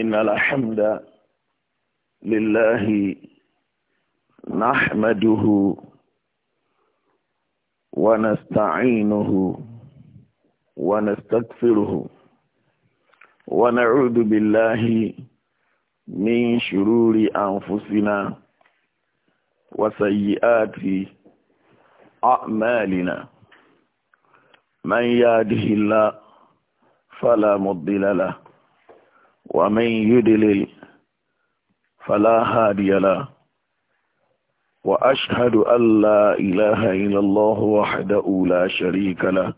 إن الحمد لله نحمده ونستعينه ونستغفره ونعوذ بالله من شرور أنفسنا وسيئات أعمالنا من يهده الله فلا مضل له ومن يدلل فلا هادي له وأشهد أن لا إله إلا الله وحده لا شريك له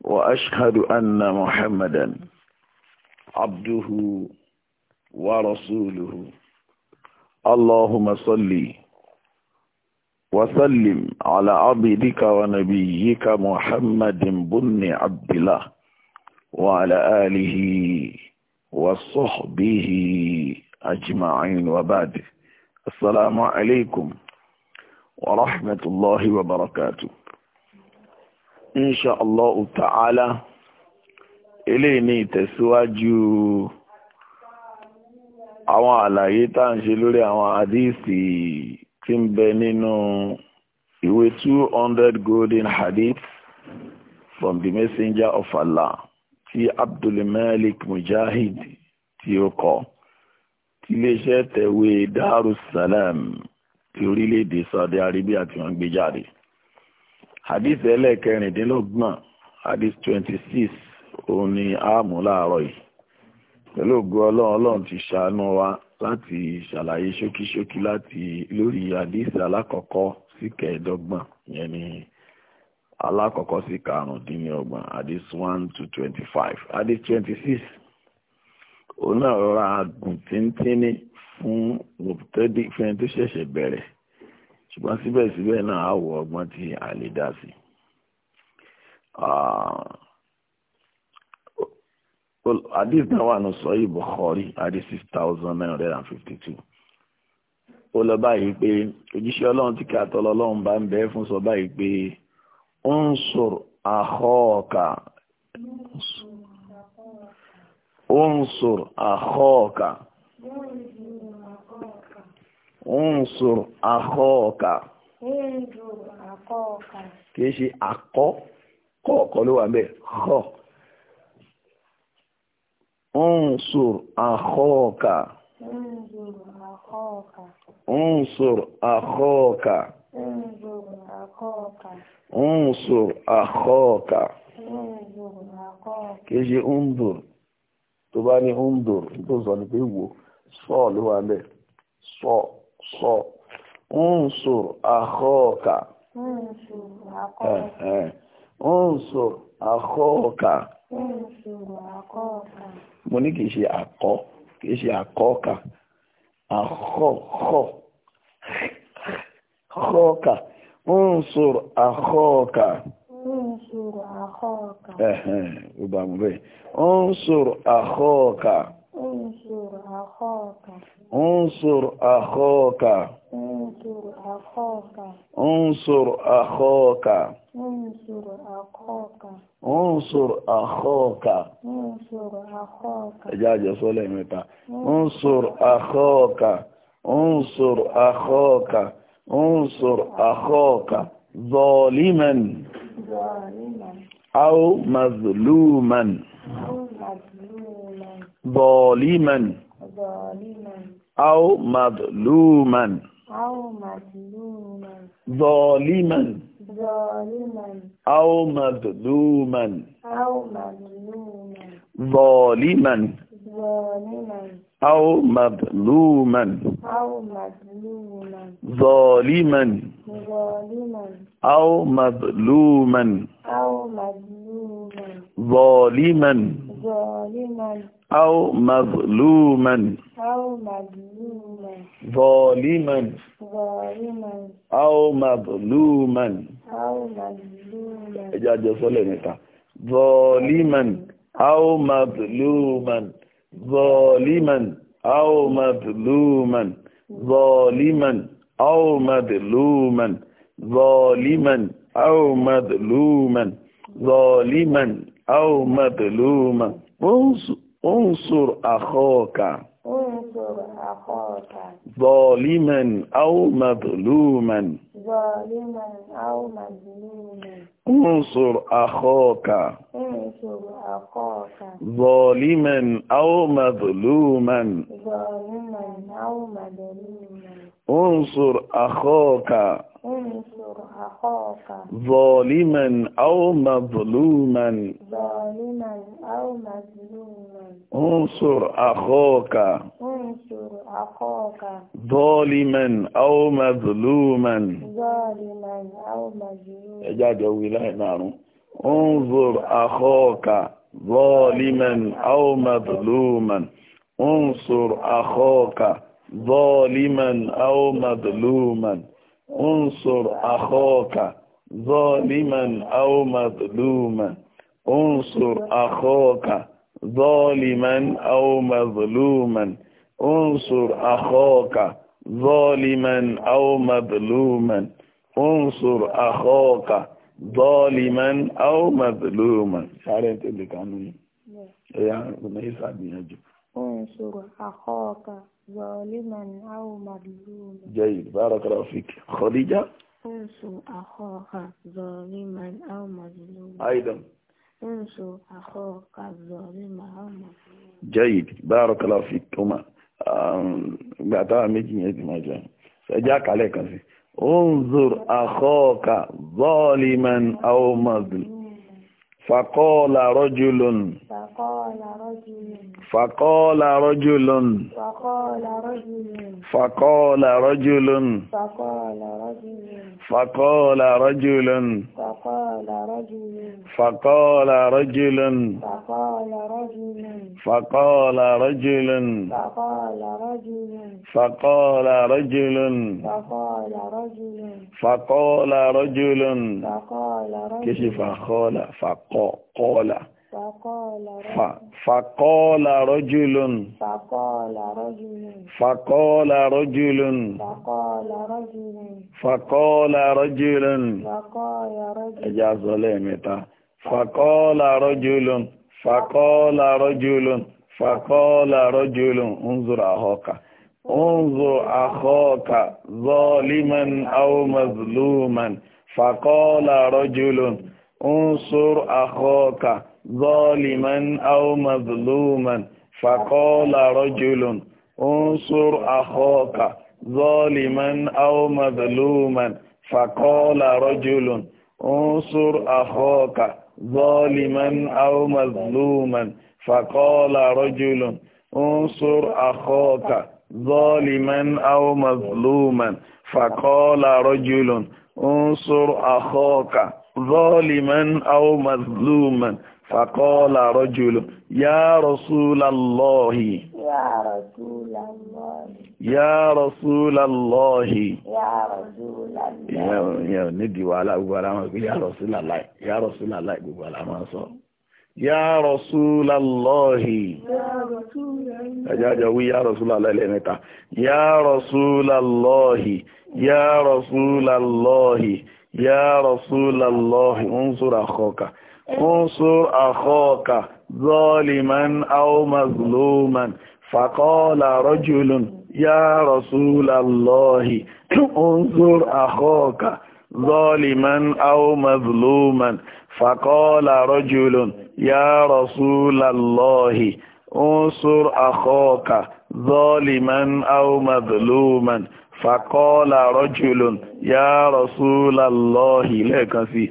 وأشهد أن محمدا عبده ورسوله اللهم صلِّ وسلم على عبدك ونبيك محمد بن عبد الله وعلى آله وصحبه أجمعين وبعد السلام عليكم ورحمة الله وبركاته إن شاء الله تعالى إليني تسواجو àwọn àlàyé tá à ń ṣe lórí àwọn àdíìsì tí ń bẹ nínú ìwé 200 golden hadiths from the messenger of Allah tí abdulmalik mujahid tí ó kọ tí iléeṣẹ́ tẹ̀wé darussalam ti orílẹ̀-èdè saudi arabia tí wọ́n gbé jáde hadith ẹlẹ́ẹ̀kẹrìndínlọ́gbọ̀n hadith twenty six òun ni àmú láàárọ̀ yìí pẹ̀lú ògo ọlọ́run ọlọ́run ti ṣàánú wa láti ṣàlàyé ṣókíṣókí láti lórí hadith alákọ̀ọ́kọ́ sí kẹẹ̀ẹ́dọ́gbọ̀n yẹn ni alákọ̀ọ́kọ́ sí karùndínlọ́gbọ̀n hadith one to twenty five hadith twenty six òun náà rọra gùn tíntínní fún mọ̀tẹ́dì fẹ́ni tó ṣẹ̀ṣẹ̀ bẹ̀rẹ̀ ṣùgbọ́n síbẹ̀síbẹ̀ náà á wọ ọgbọ́n tí a lè dá sí náà wà ní sọ́yìn Bukhari hadith six thousand nine hundred and fifty two ó lọ báyìí pé òjíṣẹ́ ọlọ́run tí kí àtọ́lọ́lọ́run bá ń bẹ fún sọ báyìí pé unsur akhoka unsur akhoka unsur akhoka kìí ṣe akọ́ kọ̀ọ̀kọ́ ló wà bẹ́ẹ̀ kọ́ unsur akhoka unsur akhoka unsur akhoka unsur akhaka kìí ṣe undur tó bá ní undur tó sọ ní pé wò sọ ló wà lẹ̀ sọ sọ unsur akhaka unsur akhaka mo ní kìí unsur akhaka unsur akhaka eh ó bá mú bẹ́ẹ̀ unsur akhaka unsur akhaka unsur akhaka unsur akhaka unsur akhaka unsur akhaka unsur akhaka unsur akhaka ẹjá jọ sọ́lẹ̀ mẹ́ta unsur akhaka unsur akhaka انصر أخاك ظالما أو مظلوما ظالما أو مظلوما ظالما أو مظلوما ظالما أو مظلوما أو مظلوما ظالما ظالما أو مظلوما أو مظلوما ظالما ظالما أو مظلوما أو مظلوما ظالما ظالما أو مظلوما أو مظلوما صلى ظالما أو مظلوما ظالما أو مظلوما ظالما أو مظلوما ظالما أو مظلوما ظالما أو مظلوما انصر أخاك انصر أخاك ظالما أو مظلوما ظالما أو مظلوما انصر أخاك انصر أخاك ظالما أو مظلوما ظالما أو مظلوما انصر أخاك انصر أخاك ظالما أو مظلوما ظالما أو مظلوما انصر أخاك انصر أخاك ظالما أو مظلوما ظالما أو مظلوما إجاد ولا نار انظر أخاك ظالما أو مظلوما انصر أخاك ظالما أو مظلوما انصر أخاك ظالما أو مظلوما انصر أخاك ظالما أو مظلوما انصر أخاك ظالما أو مظلوما انصر أخاك ظالما أو مظلوما شعرت اللي كانوا يعني ما يسعدني أجب انصر أخاك ظالما أو مظلوما جيد بارك الله فيك خديجة انصر أخاك ظالما أو مظلوما أيضا انصر أخاك ظالما أو مظلوما جيد بارك الله فيك كما بعدها ميجي يجي ما جاء سأجاك عليك انظر أخاك ظالما أو مظلوما فقال رجل فقال رجل فقال رجل فقال رجل فقال رجل فقال رجل فقال رجل فقال رجل فقال رجل فقال رجل فقال رجل فقال رجل فقال رجل فقال رجل فقال رجل فقال رجل كشف قال فقال kọ́ọ̀là فقال رجل فقال رجل فقال رجل فقال رجل فقال رجل فقال رجل اجاز متى فقال رجل فقال رجل فقال رجل انظر اخاك انظر اخاك ظالما او مظلوما فقال رجل انصر أخاك ظالما أو مظلوما فقال رجل انصر أخاك ظالما أو مظلوما فقال رجل انصر أخاك ظالما أو مظلوما فقال رجل انصر أخاك ظالما أو مظلوما فقال رجل انصر أخاك zaliman aw mazluman faqala rajulu ya rasulallahi ya rasulallahi ya rasulallahi ya rasulallahi ya nídi wàhálà gbogbo ara wọn ya rasulallahi ya rasulallahi gbogbo ara wọn sọ ya rasulallahi ẹjọ́jọ́ wí ya rasulallahi lẹ́mẹ́ta ya rasulallahi ya rasulallahi يا رسول الله انصر أخوك إيه؟ انصر أخوك ظالما أو مظلوما فقال رجل يا رسول الله انصر أخوك ظالما أو مظلوما فقال رجل يا رسول الله انصر أخوك ظالما أو مظلوما fàkọ́ọ́lá rọ́jùlùn yá rọ̀súlàlọ́hì lẹ́ẹ̀kan sí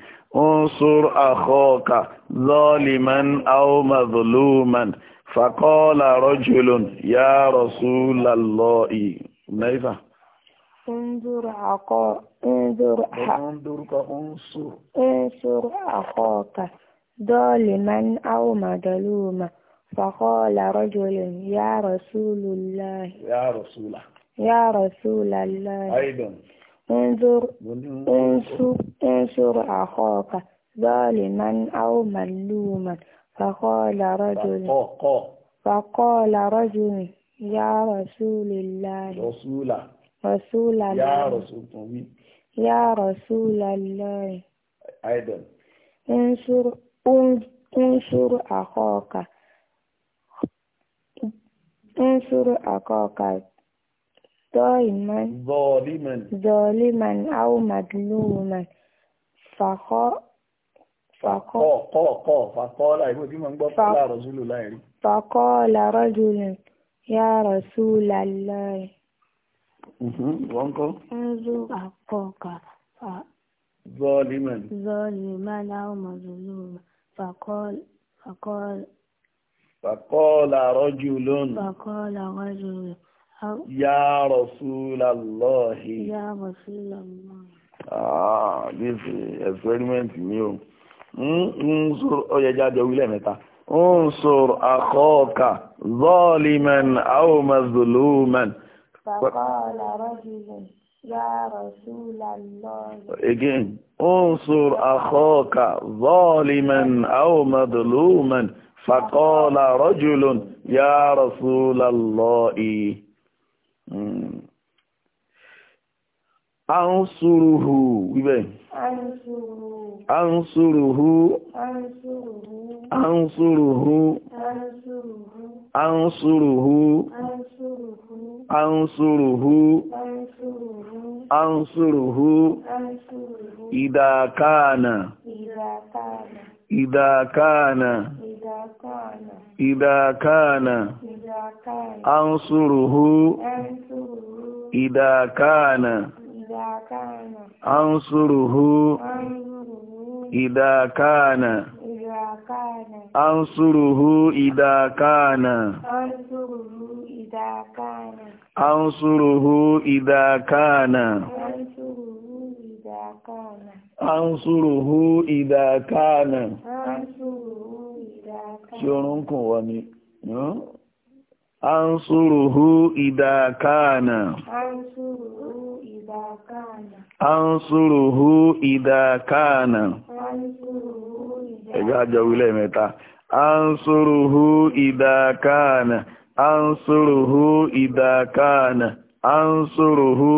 unsur akhaka zaliman aw mazluman fàkọ́ọ́lá rọ́jùlùn yá rọ̀súlàlọ́hì mẹ́fà انظر عقا انظر انصر انصر أخاك أو مظلوما فقال رجل يا رسول الله يا رسول الله أيضا انظر انصر, انصر أخاك ظالما أو ملوما فقال رجل فقال رجل يا رسول الله رسول رسول الله يا رسول الله يا رسول الله أيضا انصر انصر أخاك انصر أخوك. ظالما ظالما ظالما أو مظلوما فقا فقا قا قا فقال أيوة دي من قال رسول الله فقال رجل يا رسول الله وانكو انظر أخاك ظالما ظالما أو مظلوما فقال فقال فقال رجل فقال رجل يا رسول الله يا رسول الله آه this experiment new انصر او يا جاد ويلا متا انصر اخوك ظالما او مظلوما فقال رجل يا رسول الله again انصر اخوك ظالما او مظلوما فقال رجل يا رسول الله Àúnsùrùhù wíbẹ̀. Àúnsùrùhù. Àúnsùrùhù. Àúnsùrùhù. Àúnsùrùhù. Àúnsùrùhù. Ìdàkánà. إذا كان إذا كان أنصره إذا كان أنصره إذا كان أنصره إذا كان أنصره إذا كان ansuruhu idha kana ṣorúnkùn wọ ni ansuruhu idha kana ansuruhu idha kana ẹgbẹ́ àjọ wílẹ̀ mẹ́ta ansuruhu idha kana ansuruhu idha kana ansuruhu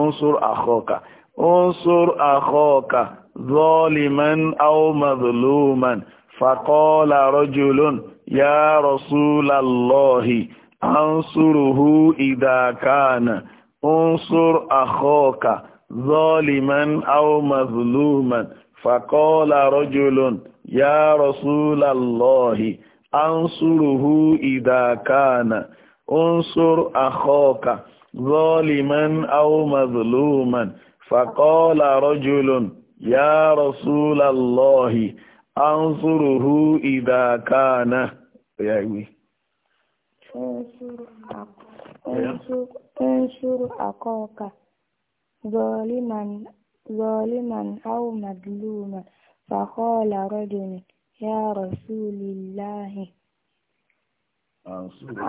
unsur akhoka انصر أخاك ظالما أو مظلوما فقال رجل يا رسول الله أنصره إذا كان انصر أخاك ظالما أو مظلوما فقال رجل يا رسول الله أنصره إذا كان انصر أخاك ظالما أو مظلوما fàkọ́ọ́lá rọ́júlùn yá rọ̀súlàlọ́hì ansúrùhú ìdàkánà ọ̀yá ìwé ẹ̀ṣùrù àkọ́ọ̀kà zọlíman áwù màdìlúmà fàkọ́ọ́lá rọ́júlùn yá rọ̀súlìláhì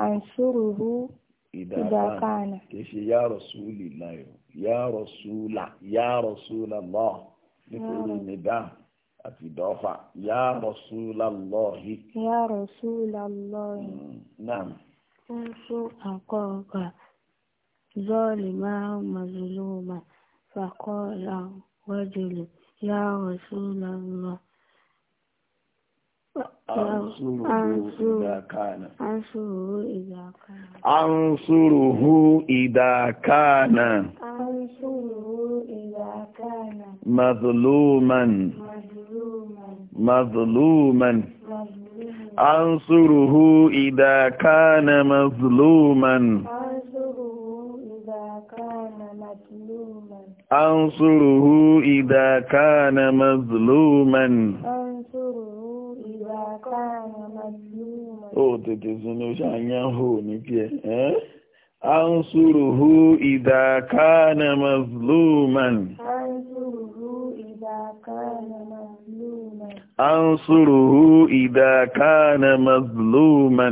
ansúrùhú ìdàkánà kìí ṣe yá rọ̀súlìláhì ya rasula ya rasulallah nítorí ah. nìdá àti ìdọ́fà ya rasulallahi. ya rasulallahi. Hmm, naam. wọ́n sún àkọ́ọ̀kà zọ́ọ̀lì máa ń mazuluma faqala rajulu ya rasulallah. Ansuruhu ìdàkánà. Mazluman. Mazluman. Ansuruhu ìdàkánà mazluman. Ansuruhu أنصره إذا كان مظلوما أنصره إذا كان مظلوما ó tètè sùn ní oṣù àyànhò ní kí ẹ أنصره إذا كان مظلوما أنصره إذا كان مظلوما أنصره إذا كان مظلوما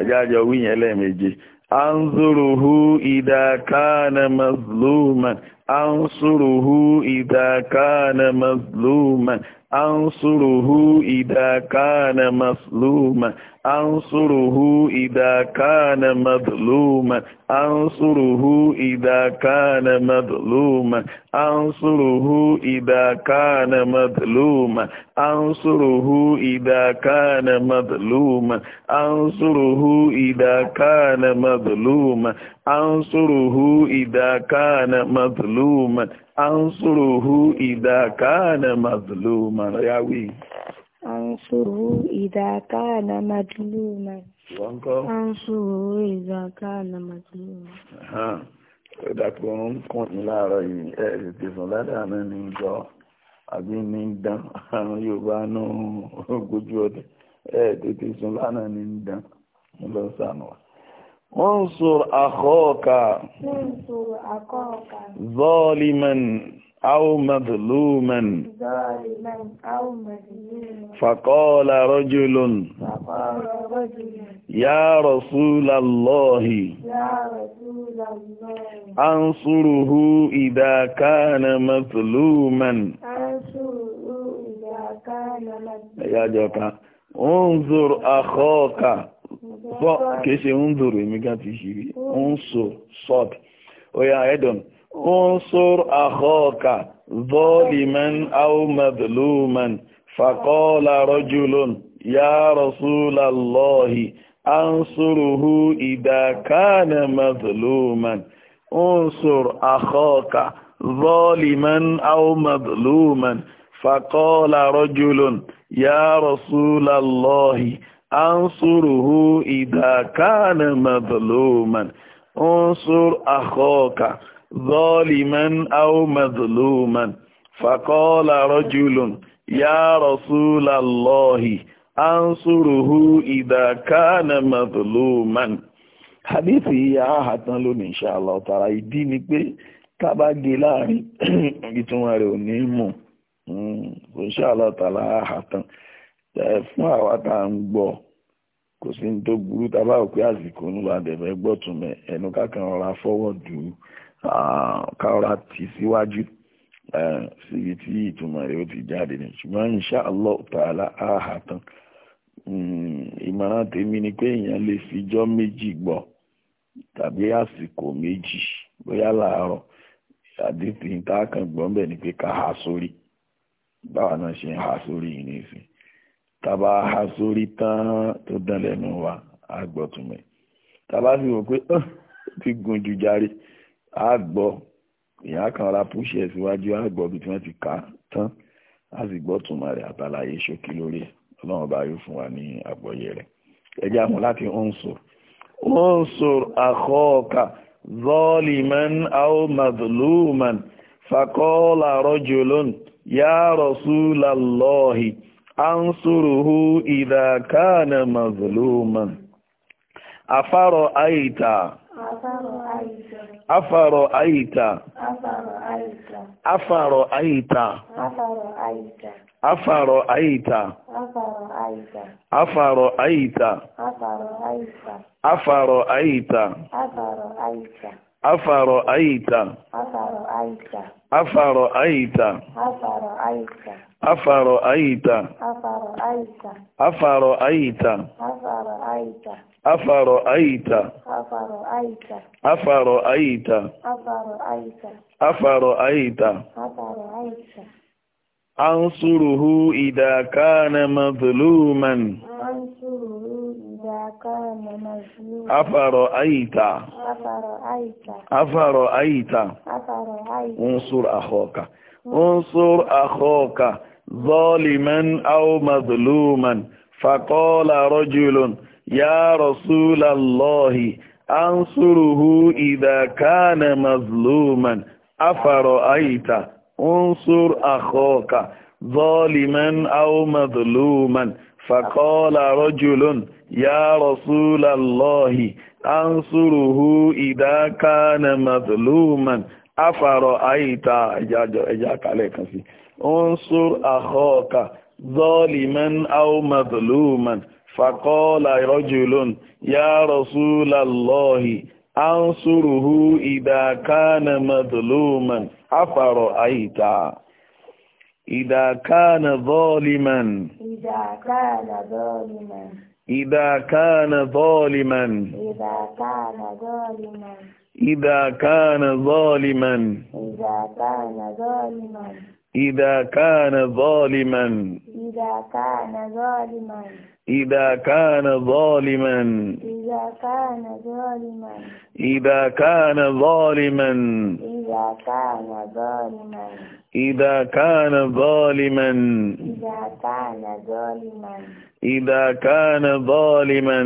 ẹjá jọ wíyẹn lẹ́ẹ̀mejì أنظره إذا كان مظلوما أنصره إذا كان مظلوما أنصره إذا كان مظلوما أنصره إذا كان مظلوما أنصره إذا كان مظلوما أنصره إذا كان مظلوما أنصره إذا كان مظلوما أنصره إذا كان مظلوما أنصره إذا كان مظلوما a idha kana mazluman yawi ansuruhu idha kana mazluman ansuruhu kana mazluman ha ń kún ní láàárọ̀ yìí ẹ̀ ya. sùn ládàánú ní ìjọ àbí ní dán yorùbá náà ogójú ọdẹ ẹ̀ tètè sùn sànù انصر أخاك انصر أخاك ظالما أو مظلوما ظالما أو مظلوما فقال رجل فقال رجل يا رسول الله يا رسول الله أنصره إذا كان مظلوما أنصره إذا كان مظلوما يا جوكا انظر أخاك bọ́ kìí ṣe ń dòrò èmi gan ti ṣì rí ń so sọ́ọ̀d oya edom ń sọ́r àkọ́ọ̀kà zọ́ọ̀lìmẹ́n aumedlumen fàkọ́ọ̀lá rọ́júlọ́n yá rọ́súlàlọ́hì ansuruhu ìdàkánà medlumen ń sọ́r àkọ́ọ̀kà zọ́ọ̀lìmẹ́n aumedlumen fàkọ́ọ̀lá rọ́júlọ́n yá rọ́súlàlọ́hì ansuruhu idha kana madhluman unsur akhaka zaliman aw madhluman faqala rajulun ya rasulallahi ansuruhu idha kana madhluman hadithi ya hatan lo ni inshallah tara ìdí ni pé tá bá gé láàrin ìtumọ̀ rẹ̀ ò ní mú hmm, inshallah tara hatan fún àwa tá à ń gbọ́ kò sí tó burú tábà ò pé àsìkò ń lọ àdẹ̀fẹ́ gbọ́ túnmẹ̀ ẹnu kákan ọ̀rá fọwọ́ dùn káwọ́ra tì síwájú síbi tí ìtumọ̀ rẹ̀ ó ti jáde ní ṣùgbọ́n insha Allah ta'ala áhà tán hmm, ìmọ̀ràn tèmi ni pé èèyàn lè fi méjì gbọ́ tàbí àsìkò méjì bóyá làárọ̀ àdìsí tá kan gbọ́ ń bẹ̀ ni pé ká há sórí báwa náà ṣe ń há sórí yìí nìyí tàbá ha sórí tán tó dán lẹ́nu wa á gbọ́ túmọ̀ tàbá fi wò pé ó ti gùn jù járe á gbọ́ èèyàn kan ra púṣì ẹ̀ síwájú á gbọ́ bí tí wọ́n ti kà á tán á sì gbọ́ túmọ̀ rẹ̀ àtàlàyé ṣókí lórí ọlọ́run bá yóò fún wa ní àgbọ́yé rẹ̀ ẹjẹ́ àmọ́ láti ń sọ ń sọ àkọ́ọ̀kà zọ́ọ̀lìmán aw mazluman faqala rajulun ya rasulallahi ansuruhu idha kana mazluman afaro aita afaro aita afaro aita afaro aita afaro aita afaro aita Afaro aita, Afaro aita, Afaro aita, Afaro aita, Afaro aita, Afaro aita, Afaro aita, Afaro aita, Afaro aita, Afaro aita, Afaro aita, Afaro aita, Afaro aita, Afaro aita, ansuruhu idha kana madhluman ansuruhu أقام مظلوم أفرأيت أفرأيت أفرأيت أفرأيت انصر أخوك انصر أخوك ظالما أو مظلوما فقال رجل يا رسول الله أنصره إذا كان مظلوما أفرأيت انصر أخوك ظالما أو مظلوما fàkọ́ọ́lá rọ́jùlọ́n yá rọ̀súlàlọ́hì ansuruhu ìdákánà mazluman afárọ̀ àìta ẹja kalẹ̀ kan sí unsur àkọ́ọ̀ka zọ́ọ̀lìmán aw mazluman fàkọ́ọ́lá rọ́jùlọ́n yá rọ̀súlàlọ́hì ansuruhu ìdákánà mazluman afárọ̀ àìta إذا كان ظالما إذا كان ظالما إذا كان ظالما إذا كان ظالما إذا كان ظالما إذا كان ظالما إذا كان ظالما إذا كان ظالما إذا كان ظالما إذا كان ظالما إذا كان ظالما إذا كان ظالما إذا كان ظالما إذا كان ظالما إذا كان ظالما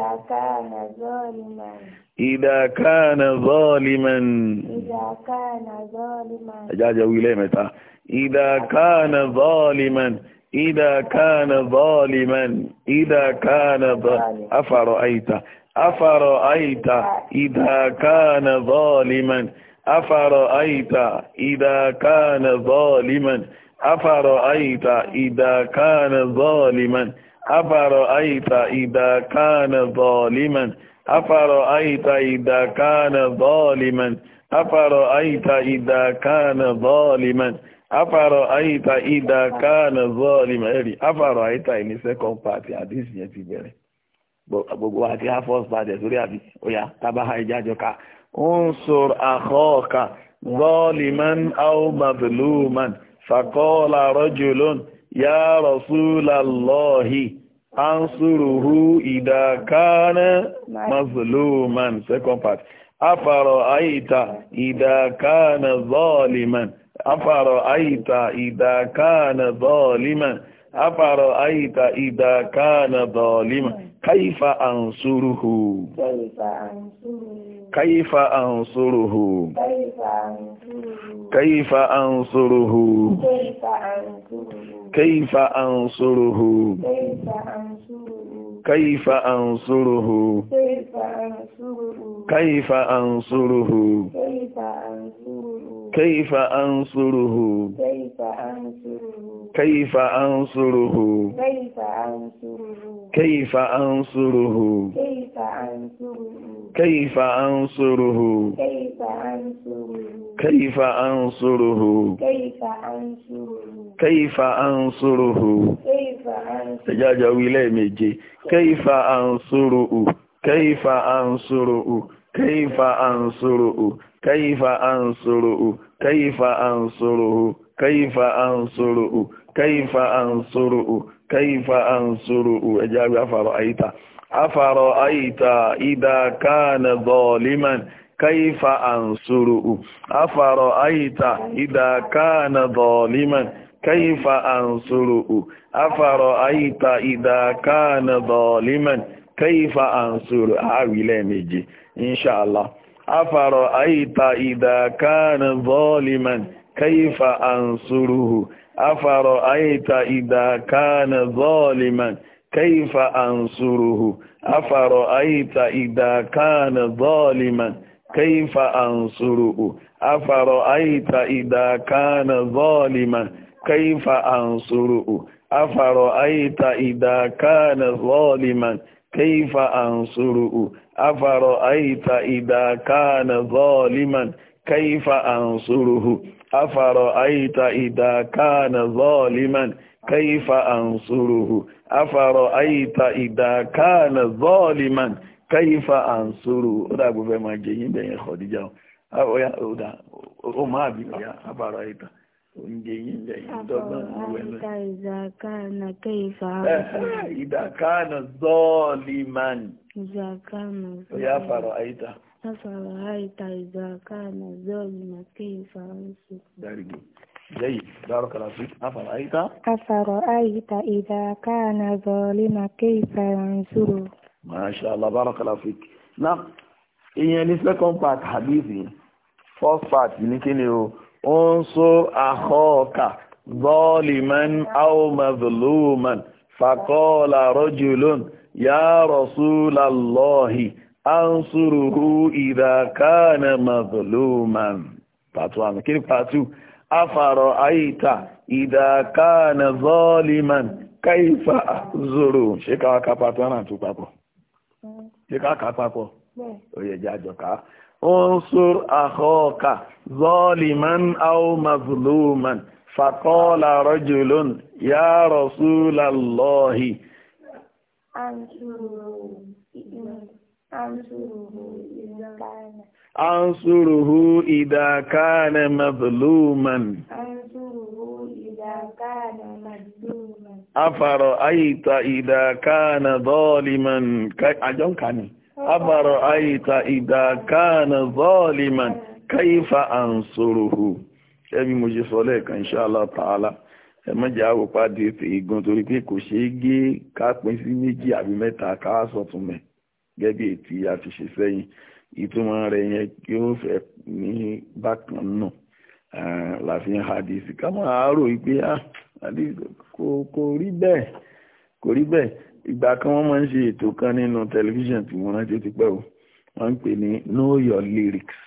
إذا كان ظالما إذا كان ظالما إذا كان ظالما أجاجة ويلمة إذا كان ظالما إذا كان ظالما إذا كان ظالما أفرأيت أفرأيت إذا كان ظالما أفرأيت إذا كان ظالما أفرأيت إذا كان ظالما أفرأيت إذا كان ظالما أفرأيت إذا كان ظالما أفرأيت إذا كان ظالما أفرأيت إذا كان ظالما أفرأيت in the second part àdìsí yẹn ti bẹ̀rẹ̀ gbogbo àti half first part ẹ̀ sórí àbí ó yá tábà ha ìjájọ ká unsur akhaka zaliman aw mazluman faqala rajulun ya rasulallahi ansuruhu idha kana mazluman second part afara aita idha kana zaliman afara aita idha kana zaliman afara aita idha kana zaliman kaifa ansuruhu kaifa ansuruhu كيف أنصره كيف أنصره كيف أنصره كيف أنصره كيف أنصره كيف أنصره كيف أنصره كيف أنصره كيف أنصره كيف أنصره كيف أنصره كيف أنصره كيف أنصره كيف أنصره كيف أنصره تجاجا ويلي ميجي كيف أنصره كيف أنصره كيف أنصره كيف أنصره كيف أنصره كيف أنصره كيف أنصره كيف أنصره أجاب فرأيت أفرأيت إذا كان ظالما كيف أنصره أفرأيت إذا كان ظالما كيف أنصره أفرأيت إذا كان ظالما كيف أنصره أعويلة إن شاء الله أفرأيت إذا كان ظالما كيف أنصره أفرأيت إذا كان ظالما كيف أنصره أفرأيت إذا كان ظالما كيف أنصره أفرأيت إذا كان ظالما كيف أنصره أفرأيت إذا كان ظالما كيف أنصره أفرأيت إذا كان ظالما كيف أنصره أفرأيت إذا كان ظالما كيف أنصره afárọ̀ àyíta ìdàkánà zọ́ọ̀lìmán káyífà àǹsòrò ó dàgbò fẹ́ máa jẹ yín o kọ̀díjà ó máa bí ọ̀yá afárọ̀ àyíta oúnjẹ yín bẹ̀yẹn dọ́gbọ́n ìwẹ̀lẹ̀. àyíta ìdàkánà káyífà àǹsòrò. ìdàkánà zọ́ọ̀lìmán. ìdàkánà zọ́ọ̀lìmán. ọ̀yá afárọ̀ àyíta. جيد بارك الله فيك أفرأيت أفرأيت إذا كان ظالما كيف ينصره ما شاء الله بارك الله فيك نعم ìyẹn ní second part hadithi first part ní kí ni o unsur akhaka zaliman aw mazluman faqala rajulun ya rasulallahi ansuruhu idha kana mazluman part 1 kí ni part 2 afàrọ̀ àyíta ìdàkánà zọ́ọ̀lìmán káìfà zòrò ṣé káwá kápá tó ràn tó papọ̀ ṣé káwá kápá pọ̀ ó yẹ jẹ́ àjọká unsur akhaka zọ́ọ̀lìmán aw mazluman faqala rajulun ya rasulallahi ansuruhu idha kana mazluman afaro aita idha kana zaliman ajon kani afaro aita idha kana zaliman kaifa ansuruhu ẹbí mo ṣe sọ lẹ́ẹ̀kan inshallah ta'ala ẹmọ́jà àwòpá di ètò igun torí pé kò ṣeé gé ká sí méjì àbí mẹ́ta ká mẹ́ gẹ́gẹ́ tí a ti ṣe sẹ́yìn ìtumọ̀ rẹ̀ yẹn kí ó fẹ́ ní bákan náà làfihàn hadisi ká máa rò wípé ah, kò rí bẹ́ẹ̀ kò rí bẹ́ẹ̀ ìgbà kan wọ́n máa ń ṣe ètò kan nínú tẹlifíṣàn tí wọ́n rántí ti pẹ́ o wọ́n ń pè ní know your lyrics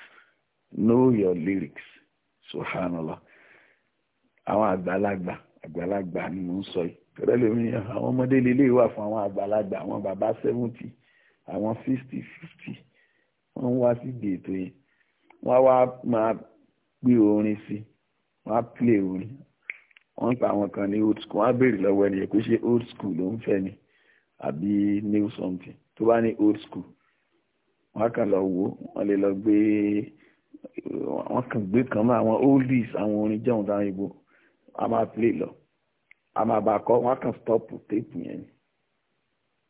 know your lyrics subhanallah àwọn àgbàlagbà àgbàlagbà ni mò ń sọ yìí tẹ́lẹ̀ lómi àwọn ọmọdé lélẹ́yìí wà fún àwọn àgbàlagbà àwọn bàbá seventy àwọn fifty fifty wọ́n ń wá síbi ètò yẹn wọ́n wá máa gbé orin sí wọ́n á play orin wọ́n ń pa àwọn kan ní old school wọ́n á béèrè lọ́wọ́ ẹni kó ṣe old school ló ń fẹ́ ni àbí new something tó bá ní old school wọ́n á kàn lọ wò wọ́n lè lọ gbé wọ́n kàn gbé kan mọ́ àwọn oldies àwọn orin jẹun táwọn ibo a máa play lọ a máa bá a kọ́ wọ́n á kàn stop tape yẹn ni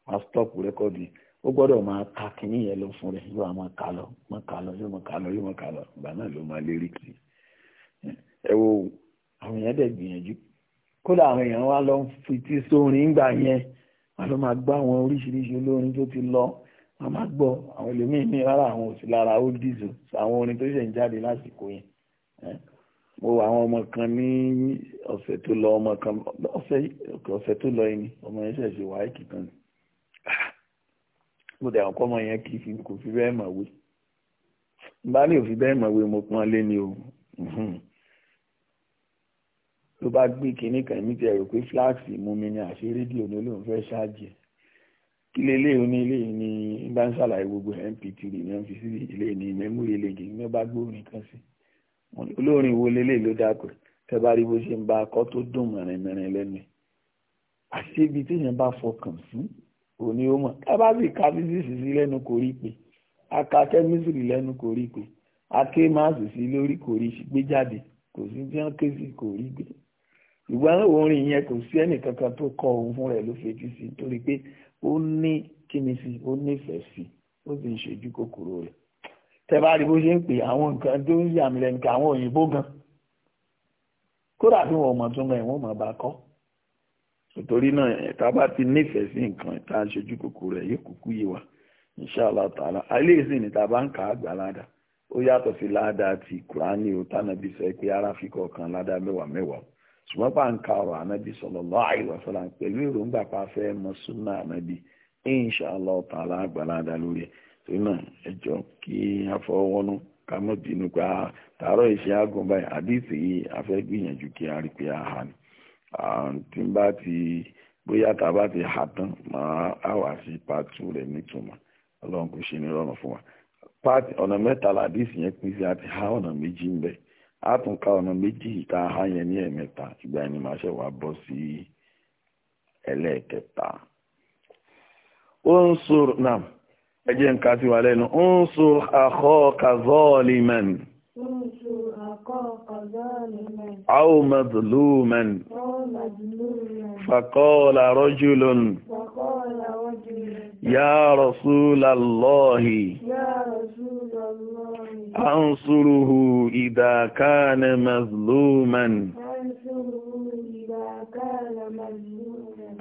wọ́n á stop record yẹn ó gbọ́dọ̀ máa ka kínní yẹn lọ fún rẹ̀ yóò máa kà lọ máa kà lọ yóò máa kà lọ yóò máa kà lọ ìgbà náà ló máa lérí kì í ẹ wo àwọn èèyàn dẹ̀ gbìyànjú kódà àwọn èèyàn wá lọ fetí sórin ńgbà yẹn wọn ló máa gbọ́ àwọn oríṣiríṣi olórin tó ti lọ wọn máa gbọ́ àwọn ẹlòmíín ní rárá àwọn òsì lára ó dìzò àwọn orin tó ṣẹ̀ ń jáde lásìkò yẹn mo wà àwọn ọmọ kan ní ọ̀sẹ̀ tó lọ ọmọ kan ọ̀sẹ̀ tó lọ yìí ni ọmọ yẹn ṣẹ̀ṣẹ̀ wáyé kìkan ni mo dẹ̀ àwọn kọ́mọ yẹn kì í fi kò fi bẹ́ẹ̀ mọ̀wé bá ní òfin bẹ́ẹ̀ mọ̀wé mo pọ́n lé ni o ló bá gbé kinní kan mi ti ẹ̀rọ pé fíláàsì mú mi ní àṣẹ rédíò ní olóhùn fẹ́ ṣáàjì kí lélẹ́ òní ilé ní bá ń ṣàlàyé gbogbo mp3 ní mp ilé ní mẹ́múrí eléje ní bá gbé orin kan sí olórin wo lélẹ́ ló dákọ̀ tẹ́ bá rí bó ṣe ń bá akọ́ tó dùn mẹ́rin mẹ́rin lẹ́nu àṣẹ ibi tí bá fọkàn sí òní ó mọ̀ ká bá sì ka físíìsì sí lẹ́nu kò rí pé a ka kẹ́mísìrì lẹ́nu kò rí pé a ké máàsì sí lórí kò rí gbé jáde kò sí tí wọ́n ké sí kò rí gbé ṣùgbọ́n orin yẹn kò sí ẹnìkankan tó kọ òun fún rẹ̀ ló fetí sí torí pé ó ní kíni sí ó nífẹ̀ẹ́ sí ó sì ń ṣojú kòkòrò rẹ̀ tẹ́ rí bó ṣe ń pè àwọn nǹkan tó ń yà kí àwọn òyìnbó gan kódà bí wọn mọ̀ tó ń gan ìwọ̀n mọ̀ bá kọ́ nítorí náà tá a bá ti nífẹ̀ẹ́ sí nǹkan tá a ṣojú rẹ̀ yóò kúkú yé wa inṣàlá tààlà ni tá ń kà á gbà ti kùránì sọ pé ara fi kọ̀ọ̀kan ládà mẹ́wàá mẹ́wàá ṣùgbọ́n pa ń ka ọ̀rọ̀ ànábì sallallahu alaihi wasallam pẹ̀lú èròǹgbà pa mọ súnà ànábì inṣàlá tààlà lórí ẹ̀ torí náà ẹ jọ kí ká mọ̀ bínú pé ah, tààrọ̀ ìṣe tí n bá ti bóyá tá a bá ti hà tán màá á wá sí part two rẹ̀ nítumọ̀ ọlọ́run kò ṣe ní rọrùn fún wa part ọ̀nà mẹ́ta làdísì yẹn pín sí àti há ọ̀nà méjì ń bẹ á tún ka ọ̀nà méjì tá a yẹn ní ẹ̀mẹ́ta ìgbà yẹn ni màá ṣe wá bọ́ sí ẹlẹ́ẹ̀kẹta. ó ń sọ̀rọ̀ náà ẹ ń ka sí wa lẹ́nu ó ń sọ̀rọ̀ àkọ́ kazọ́ọ̀lì mẹ́rin. ó ń sọ̀rọ̀ àkọ́ kazọ́ọ̀lì mẹ́rin. àwọn mẹ́tòlú mẹ́rin. فقال رجل يا رسول الله أنصره إذا كان مظلوما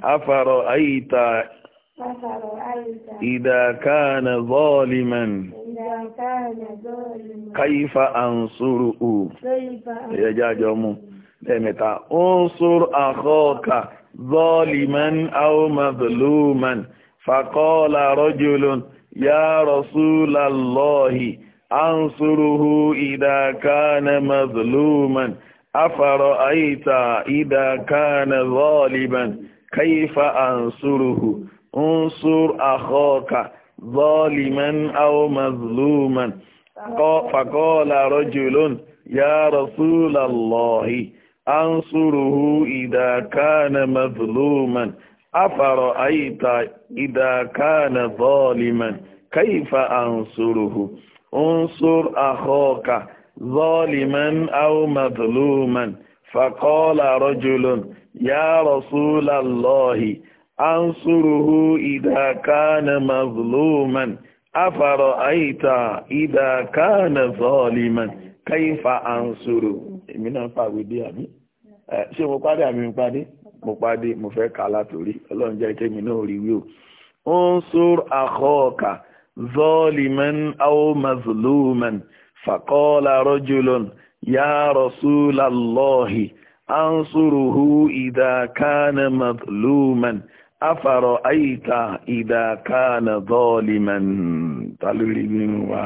أفرأيت إذا كان ظالما كيف أنصره يا جاجمو دمتا انصر اخاك ظالما او مظلوما فقال رجل يا رسول الله انصره اذا كان مظلوما افرايت اذا كان ظالما كيف انصره انصر اخاك ظالما او مظلوما فقال رجل يا رسول الله أنصره إذا كان مظلوما أفرأيت إذا كان ظالما كيف أنصره أنصر أخاك ظالما أو مظلوما فقال رجل يا رسول الله أنصره إذا كان مظلوما أفرأيت إذا كان ظالما كيف أنصره من أفعل بي ṣé mo pàdé àmì mi pàdé mo pàdé mo fẹ́ kà á látòrí ọlọ́run jẹ́ kémi náà rí wí o ń sor àkọ́ọ̀kà zọ́ọ̀lìmẹ́n aomazulúmẹ́n fàkọ́ọ̀lá rọ́júlọ́n yá rọ́súlàlọ́hì ansuruhu ìdàkánà mazulúmẹ́n afàrọ̀ àyíká ìdàkánà zọ́ọ̀lìmẹ́n tàlórí nínú wa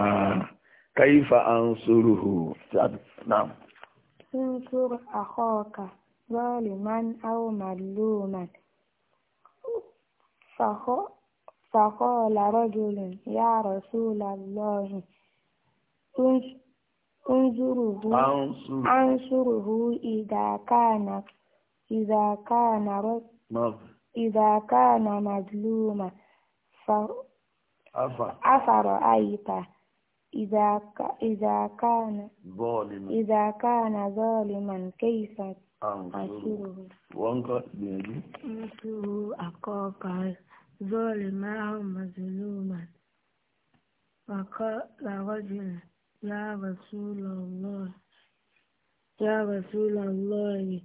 kaifa ansuruhu náà. انصر أخاك ظالما أو مظلوما فقال رجل يا رسول الله انظره انصره إذا كان إذا كان إذا كان مظلوما أفرأيت إذا إذا كان ظالما إذا كان ظالما كيف أنصره أنصره أخاك ظالما أو مظلوما وقال رجل يا رسول الله يا رسول الله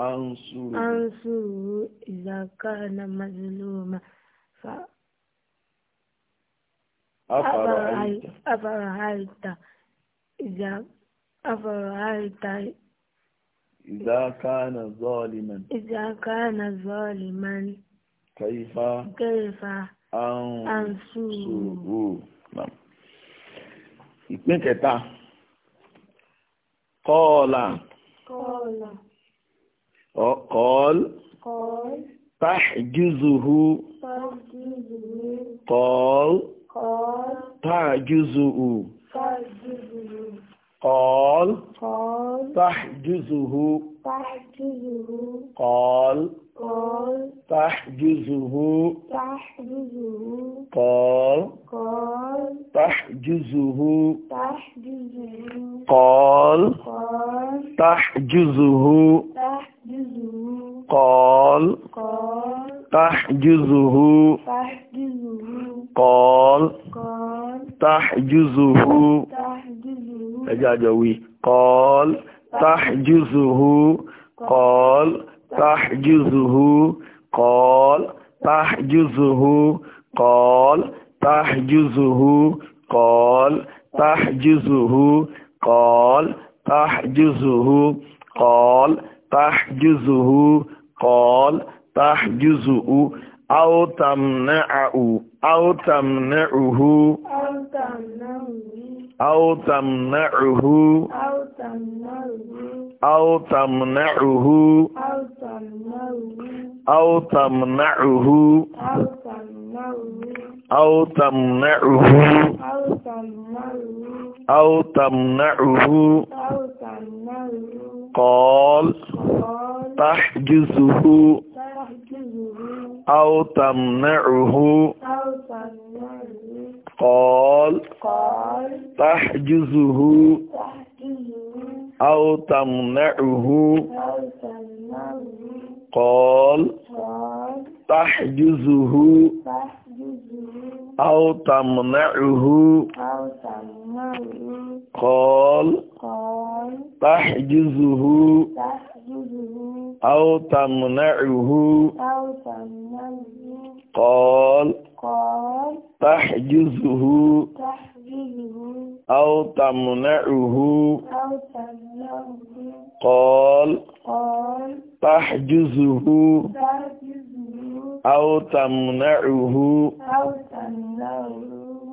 أنصره أنصره إذا كان مظلوما afarahaita ìjà afarahaita ìjà kánà zọ́ọ̀lìmán. ìjà kánà zọ́ọ̀lìmán. kaifa. kaifa. ansuru. ìpín kẹta kọ́ọ̀là. kọ́ọ̀là. kọ́ọ̀l. kọ́ọ̀l. تحجزه قال تعجزه قال تحجزه قال تحجزه قال تحجزه قال تحجزه قال تحجزه tahjuzuhu ẹjọ́ àjọ wí kọ́ọ́l tahjuzuhu kọ́ọ́l tahjuzuhu kọ́ọ́l tahjuzuhu kọ́ọ́l tahjuzuhu kọ́ọ́l tahjuzuhu kọ́ọ́l tahjuzuhu kọ́ọ́l tahjuzuhu kọ́ọ́l tahjuzuhu autamna'u autamna'uhu autamna'uhu autamna'uhu autamna'uhu autamna'uhu autamna'uhu قال تحجزه أو تمنعه قال تحجزه أو تمنعه قال تحجزه أو تمنعه قال تحجزه أو تمنعه قال قال تحجزه أو تمنعه قال قال تحجزه أو تمنعه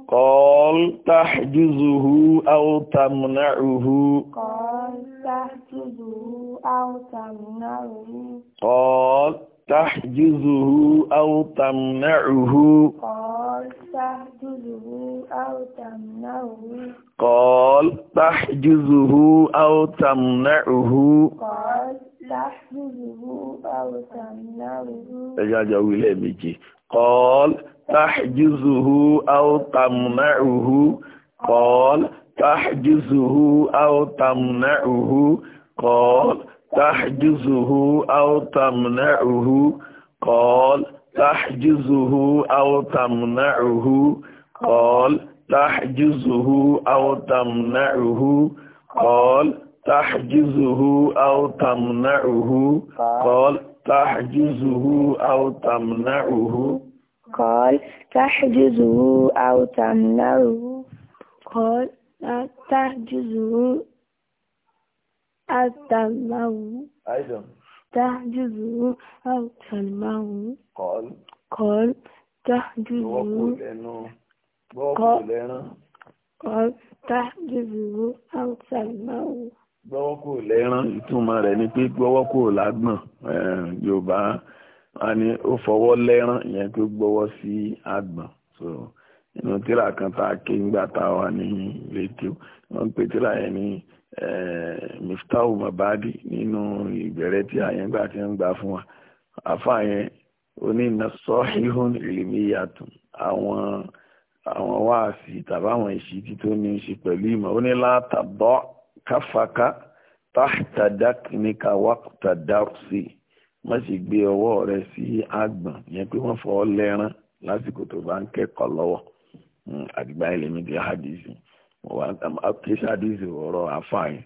قال تحجزه أو تمنعه قال تحجزه أو تمنعه قال تحجزه أو تمنعه قال تحجزه أو تمنعه قال تحجزه أو تمنعه قال تحجزه أو تمنعه ẹjá jọ قال تحجزه أو تمنعه قال تحجزه أو تمنعه قال تحجزه أو تمنعه قال تحجزه أو تمنعه قال تحجزه أو تمنعه قال تحجزه أو تمنعه قال تحجزه أو تمنعه قال تحجزه أو تمنعه قال تحجزه أتمه أيضا تحجزه أو تلمه قال قال تحجزه قال تحجزه أو تلمه gbọ́wọ́ kò lẹ́rán ìtumọ̀ rẹ̀ ni pé gbọ́wọ́ kò lágbọ̀n yorùbá a ní ó fọwọ́ lẹ́rán ìyẹn tó gbọ́wọ́ sí àgbọ̀n so inú tíra kan tá a ké ńgbà tá a wà ní rédíò wọ́n ń pè tíra yẹn ní miftahu mabadi nínú ìbẹ̀rẹ̀ tí àyẹn gbà ti ń gbà fún wa àfa yẹn onína sọ́híhún ìlìmíyàtún àwọn àwọn wáàsí tàbáwọn ìṣítí tó ní í ṣe pẹ̀lú ìmọ̀ ó ní látàbọ̀ káfàká táhtàdákìníkà wákùtàdárùsì má sì gbé ọwọ́ rẹ sí àgbọ̀n yẹn pé wọ́n fọ́ lẹ́rán lásìkò tó bá ń kẹ́kọ̀ọ́ lọ́wọ́ àdìgbà ilẹ̀ mi di hadisi. Um, kì í ṣàdíìsì ọ̀rọ̀ àfààní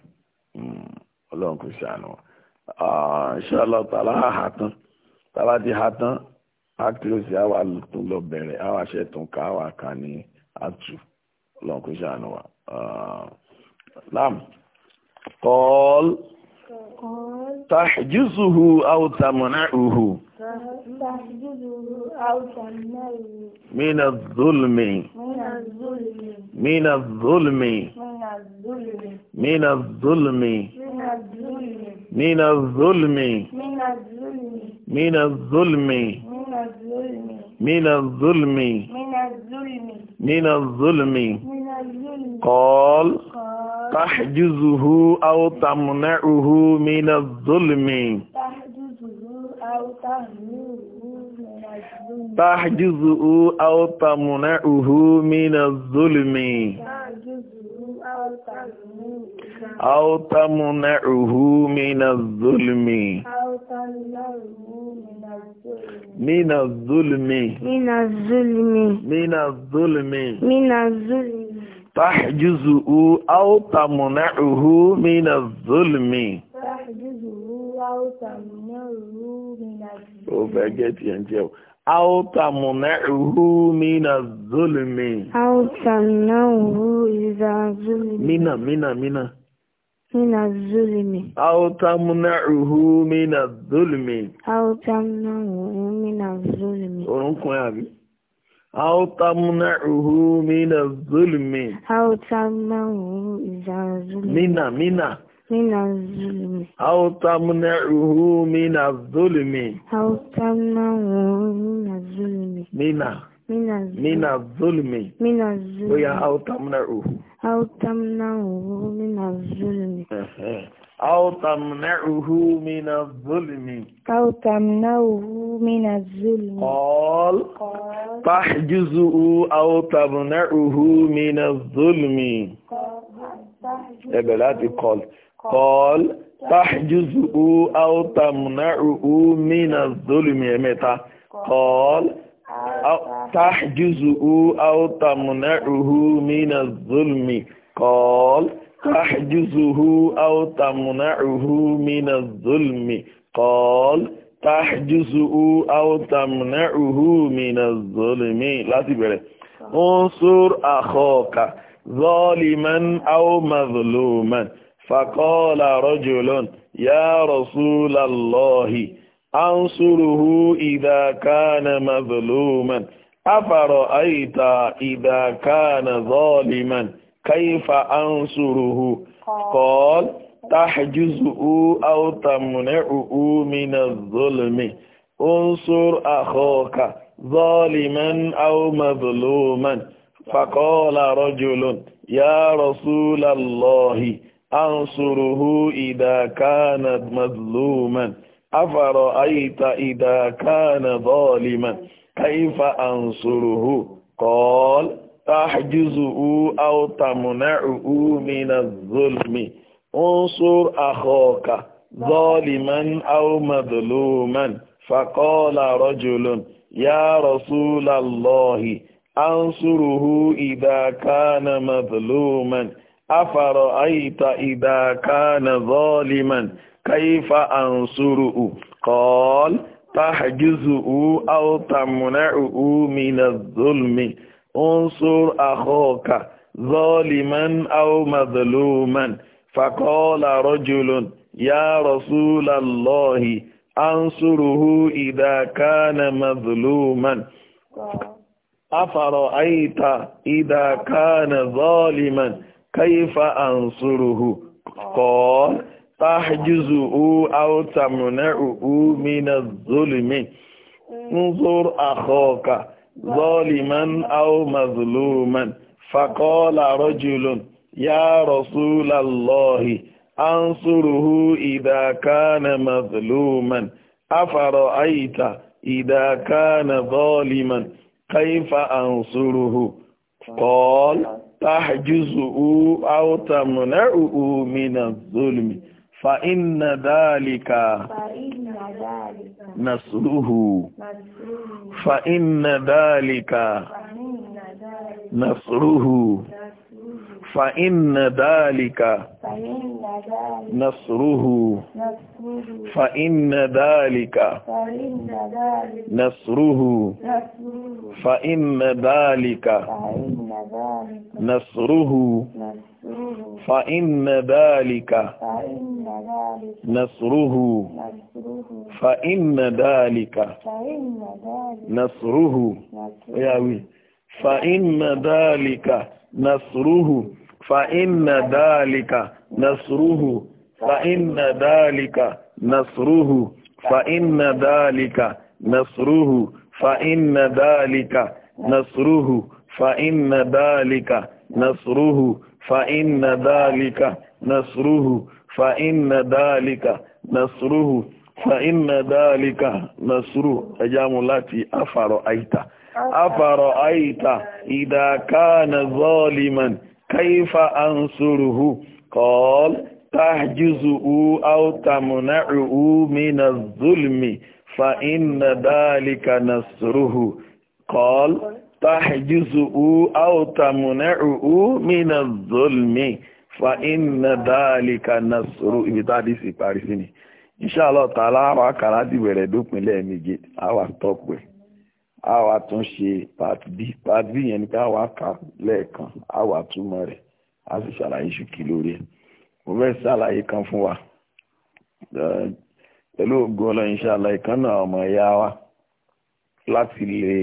hmm, ọlọ́run kò ṣàánú ṣọlọ tààlà àhà tán tààlà ti hà tán ákíyèsí àwa tún lọ bẹ̀rẹ̀ àwa ṣẹ̀tún ká àwa kà ní àtù ọlọ́run kò ṣàánú wa. lam ah, kọ́ọ́lù. تحجزه أو تمنعه من الظلم من الظلم من الظلم من الظلم من الظلم من الظلم من الظلم من من الظلم الظلم قال tàhjúzuhu aw tamna'uhu mina zulmi tàhjúzuhu aw tamna'uhu mina zulmi aw tamna'uhu mina zulmi من الظلم من الظلم من الظلم من الظلم تحجزه أو تمنعه من الظلم تحجزه أو تمنعه من الظلم أو بجت ينجو أو تمنعه من الظلم أو تمنعه إذا ظلم من من من من الظلم أو تمنعه من الظلم أو تمنعه من الظلم أورنكم يا أبي أو تمنعه من الظلم أو تمنعه من من من الظلم أو تمنعه من الظلم أو تمنعه من الظلم من من الظلم من الظلم أو تمنعه أو تمنعه من الظلم Àwọ̀tàmùnáhù mìnà zulmi. Àwọ̀tàmùnáhù mìnà zulmi. Qal. Tàjúzù àwọ̀tàmùnáhù mìnà zulmi. Ẹbẹ̀ láti kọl. Qal. Tàjúzù àwọ̀tàmùnáhù mìnà zulmi ẹ̀mẹ́ta. Qal. Tàjúzù àwọ̀tàmùnáhù mìnà zulmi. Qal. تحجزه أو تمنعه من الظلم قال تحجزه أو تمنعه من الظلم لا تبري انصر أخاك ظالما أو مظلوما فقال رجل يا رسول الله أنصره إذا كان مظلوما أفرأيت إذا كان ظالما كيف أنصره قال تحجزه أو تمنعه من الظلم انصر أخاك ظالما أو مظلوما فقال رجل يا رسول الله أنصره إذا كان مظلوما أفرأيت إذا كان ظالما كيف أنصره قال تحجزه أو تمنعه من الظلم انصر أخاك ظالما أو مظلوما فقال رجل يا رسول الله أنصره إذا كان مظلوما أفرأيت إذا كان ظالما كيف أنصره قال تحجزه أو تمنعه من الظلم انصر اخوك ظالما أو مظلوما فقال رجل يا رسول الله أنصره إذا كان مظلوما أفرأيت إذا كان ظالما كيف أنصره قال تحجزه أو تمنعه من الظلم انظر اخوك zaliman aw mazluman faqala rajulun ya rasulallahi ansuruhu idha kana mazluman afara'aita idha kana zaliman kayfa ansuruhu qala tahjuzuhu aw tamna'uhu min adh-dhulmi فإن ذلك نصره فإن ذلك نصره فإن ذلك نصره فإن ذلك نصره فإن ذلك نصره فإن ذلك نصره فإن ذلك نصره ياوي فإن ذلك نصره فإن ذلك نصره فإن ذلك نصره فإن ذلك نصره فإن ذلك نصره فإن ذلك نصره فإن ذلك نصره فإن ذلك نصره فإن ذلك نصره أجام التي أفرأيت أفرأيت إذا كان ظالما كيف أنصره قال تحجزه أو تمنعه من الظلم فإن ذلك نصره قال تحجزه أو تمنعه من الظلم فإن ذلك نصر ibitadi sì parí sí ni inshallah taala àwa kàrá ti bẹ̀rẹ̀ dópin lẹ́ẹ̀mejì àwa tọ́pù ẹ̀ àwa tún ṣe part b part b yẹn ni pé àwa kà lẹ́ẹ̀kan àwa túmọ̀ rẹ̀ a sì ṣàlàyé ṣùkì lórí ẹ̀ mo fẹ́ ṣàlàyé kan fún wa pẹ̀lú ògo ọlọ́run inshallah ìkan náà ọmọ ẹ̀yà wa láti lè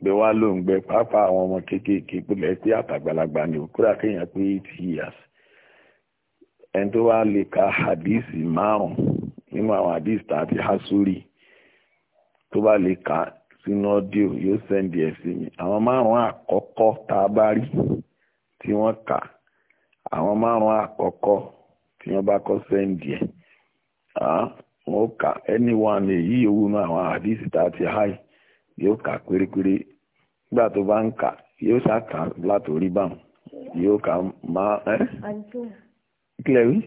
gbé wá lóǹgbẹ pàápàá àwọn ọmọ kéékèèké pínlẹ̀ pé àtàgbàlagbà ni òkúra kéèyàn pé eighty years ẹni tó wá lè ka hadith márùn nínú àwọn hadith tàbí hasuri tó bá lè ka sínú ọ́díò yóò sẹ́ndì ẹ̀ sí mi àwọn márùn àkọ́kọ́ tá a bá rí tí wọ́n kà àwọn márùn àkọ́kọ́ tí wọ́n bá kọ́ sẹ́ndì ẹ̀ wọ́n kà anyone èyí yòówù náà àwọn hadith tàbí high yóò kà pérépéré nígbà tó bá ń kà yóò ṣàkà látòrí báwọn yóò kà máa ẹ́ kílẹ̀ rí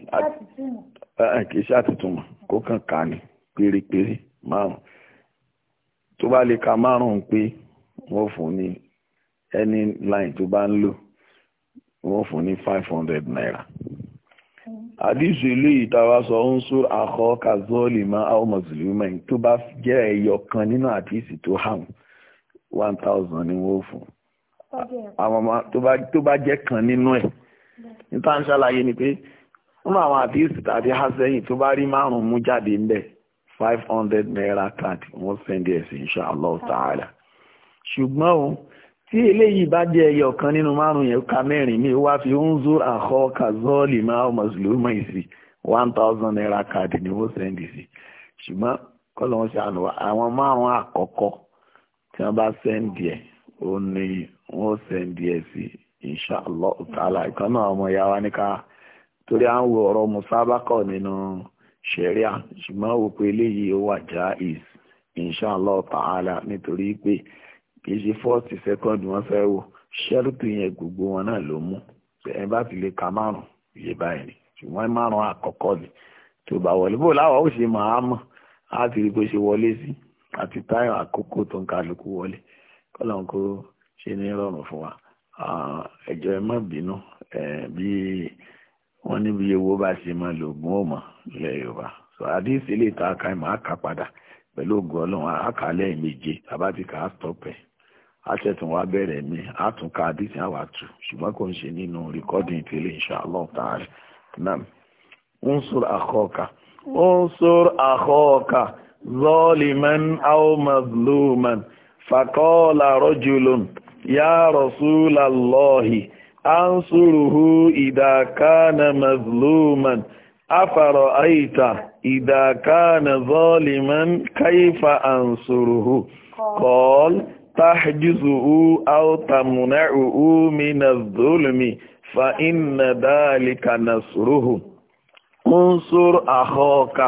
kì í ṣàtìtúmọ̀ kó kàn kà ní pérépéré márùn tó bá lè ka márùn pé wọ́n fún ní any line tó bá ń lò wọ́n fún ní five hundred naira àdíṣù ilé ìtawà sọ ń sọ àkọ́ kazọ́ọ̀lì ma àwọn mùsùlùmí tó bá jẹ́ ẹyọ kan nínú àdíṣì tó hàn one thousand ni wọ́n fún àwọn ọmọ tó bá jẹ́ kan nínú ẹ̀ níta ń ṣàlàyé ni pé nínú àwọn àdíṣì tàbí hásẹ́yìn tó bá rí márùn-ún mú jáde ńbẹ̀ five hundred naira card wọ́n sẹ́ndí ẹ̀sìn insha Allah ta'ala ṣùgbọ́n o tí eléyìí bá jẹ́ ẹyọ kan nínú márùn yẹn ka mẹ́rin mi wá fi ń zúr àkọ́ kazọ́ọ̀lì máa mọ̀sùlùmọ́ ìsì one thousand naira káàdì ni wọ́n sẹ́ndì sí ṣùgbọ́n kọ́lọ̀ wọn ṣe àná àwọn márùn-ún àkọ́kọ́ tí wọ́n bá sẹ́ndì ẹ̀ ó ní wọ́n sẹ́ndì ẹ̀ sí inṣàlọ́ tààlà ìkan náà ọmọ ìyá wa ní ká torí à ń wo ọ̀rọ̀ musabakọ̀ nínú ṣẹ̀ríà ṣùgbọ́n wò eléyìí ó wà já is inṣàlọ́ tààlà nítorí pé kìí ṣe fọ́ọ̀tì sẹ́kọ́ndì wọ́n fẹ́ wò ṣẹ́rùtù yẹn gbogbo wọn náà ló mú ẹ bá fi lè ka márùn iye báyìí ni ṣùgbọ́n márùn àkọ́kọ́ ni tó bá wọlé bó láwọ̀ ó ṣe máa mọ̀ á ti rí bó ṣe wọlé sí àti táyọ̀ àkókò tó ń kálukú wọlé kọ́lọ̀ kó ṣe ní rọrùn fún wa ẹ̀jọ̀ ẹ má bínú bí wọ́n níbi owó bá ṣe máa lo òmọ̀ ilẹ̀ yorùbá sọ àdéhìsí lè ta aka àkà padà pẹ̀lú oògùn ọlọ́run àkàlẹ̀ méje tàbá ti kà àtẹ̀tún wa bẹ̀rẹ̀ mi àtúnka àdìsí àwàtú ṣùgbọ́n kò ń ṣe nínú rìkọ́dìn ìpìlẹ̀ inshallah ta'ala nam unsur akhaka unsur akhaka zaliman aw mazluman faqala rajulun ya rasulallahi ansuruhu idha kana mazluman afara'aita idha kana zaliman kayfa ansuruhu qala تحجزه أو تمنعه من الظلم فإن ذلك نصره انصر أخوك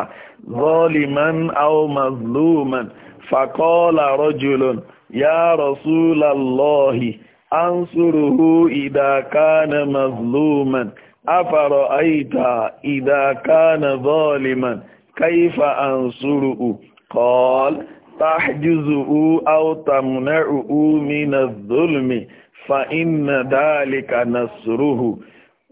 ظالما أو مظلوما فقال رجل يا رسول الله أنصره إذا كان مظلوما أفرأيت إذا كان ظالما كيف أنصره قال تحجزه أو تمنعه من الظلم فإن ذلك نصره